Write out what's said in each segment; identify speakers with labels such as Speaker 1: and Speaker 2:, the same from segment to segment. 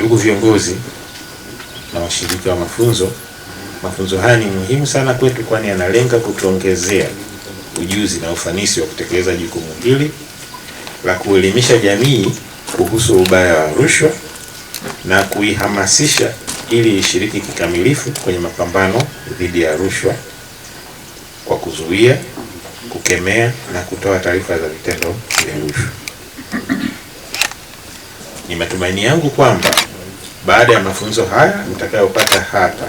Speaker 1: Ndugu viongozi na washiriki wa mafunzo, mafunzo haya ni muhimu sana kwetu, kwani yanalenga kutuongezea ujuzi na ufanisi wa kutekeleza jukumu hili la kuelimisha jamii kuhusu ubaya wa rushwa na kuihamasisha ili ishiriki kikamilifu kwenye mapambano dhidi ya rushwa kwa kuzuia, kukemea na kutoa taarifa za vitendo vya rushwa. Ni matumaini yangu kwamba baada ya mafunzo haya mtakayopata hapa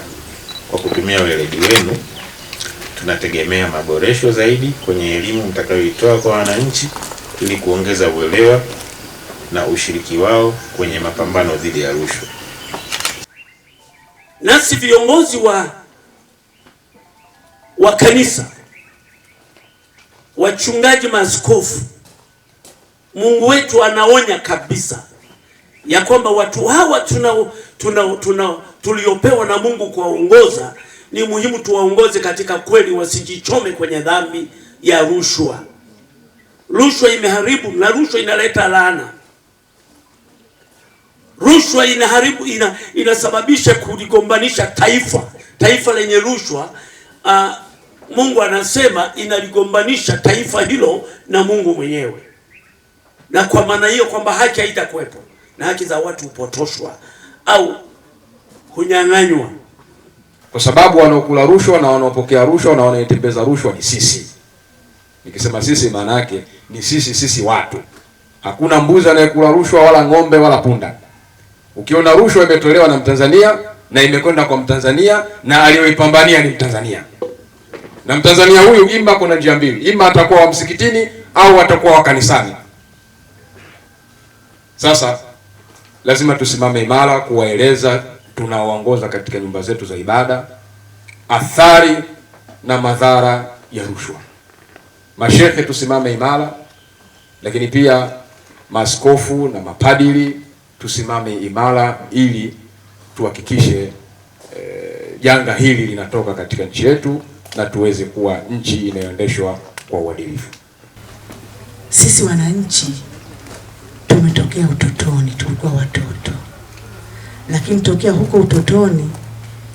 Speaker 1: kwa kutumia weledi wenu, tunategemea maboresho zaidi kwenye elimu mtakayoitoa kwa wananchi ili kuongeza uelewa na ushiriki wao kwenye mapambano dhidi ya rushwa.
Speaker 2: Nasi viongozi wa, wa kanisa, wachungaji, maaskofu, Mungu wetu anaonya kabisa ya kwamba watu hawa tuna, tuna, tuna, tuliopewa na Mungu kuwaongoza ni muhimu tuwaongoze katika kweli, wasijichome kwenye dhambi ya rushwa. Rushwa imeharibu na rushwa inaleta laana. Rushwa inaharibu ina, inasababisha kuligombanisha taifa, taifa lenye rushwa a, ah, Mungu anasema inaligombanisha taifa hilo na Mungu mwenyewe, na kwa maana hiyo kwamba haki haitakuwepo na haki za watu hupotoshwa au hunyang'anywa,
Speaker 3: kwa sababu wanaokula rushwa na wanaopokea rushwa na wanaetembeza rushwa ni sisi. Nikisema sisi, maana yake ni sisi, sisi watu. Hakuna mbuzi anayekula rushwa wala ng'ombe wala punda. Ukiona rushwa imetolewa na Mtanzania na imekwenda kwa Mtanzania na aliyoipambania ni Mtanzania, na Mtanzania huyu ima, kuna njia mbili, ima atakuwa wa msikitini au atakuwa wa kanisani. Sasa lazima tusimame imara kuwaeleza tunaoongoza katika nyumba zetu za ibada athari na madhara ya rushwa. Mashehe tusimame imara, lakini pia maaskofu na mapadili tusimame imara ili tuhakikishe eh, janga hili linatoka katika nchi yetu na tuweze kuwa nchi inayoendeshwa kwa uadilifu.
Speaker 4: Sisi wananchi tumetokea utotoni, tulikuwa watoto, lakini tokea huko utotoni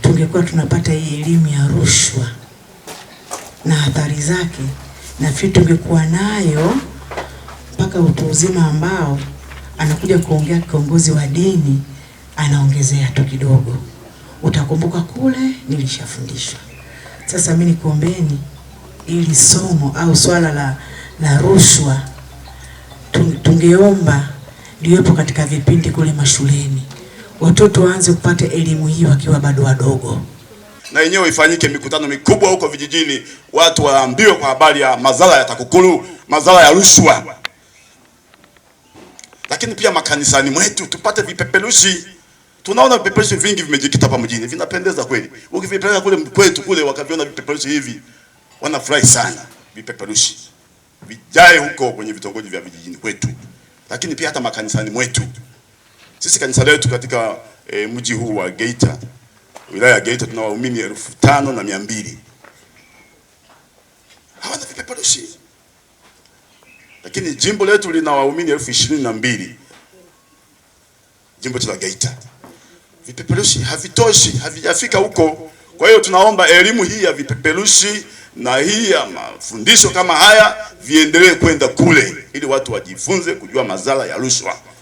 Speaker 4: tungekuwa tunapata hii elimu ya rushwa na athari zake, nafikiri tungekuwa nayo mpaka utu uzima ambao anakuja kuongea kiongozi wa dini, anaongezea tu kidogo. Utakumbuka kule nilishafundishwa. Sasa mimi nikuombeni ili somo au swala la, la rushwa tungeomba liwepo katika vipindi kule mashuleni, watoto waanze kupata elimu hii wakiwa bado wadogo,
Speaker 5: na yenyewe ifanyike mikutano mikubwa huko vijijini, watu waambiwe kwa habari ya madhara ya TAKUKURU, madhara ya rushwa. Lakini pia makanisani mwetu tupate vipeperushi. Tunaona vipeperushi vingi vimejikita hapa mjini, vinapendeza kweli. Ukivipeleka kule kwetu kule, wakaviona vipeperushi hivi, wanafurahi sana vipeperushi vijae huko kwenye vitongoji vya vijijini kwetu, lakini pia hata makanisani mwetu. Sisi kanisa letu katika e, mji huu wa Geita, wilaya ya Geita, tuna waumini elfu tano na mia mbili hawana vipeperushi, lakini jimbo letu lina waumini elfu ishirini na mbili jimbo la Geita. Vipeperushi havitoshi, havijafika huko. Kwa hiyo tunaomba elimu hii ya vipeperushi na hii ya mafundisho kama haya viendelee kwenda kule, ili watu wajifunze kujua madhara ya rushwa.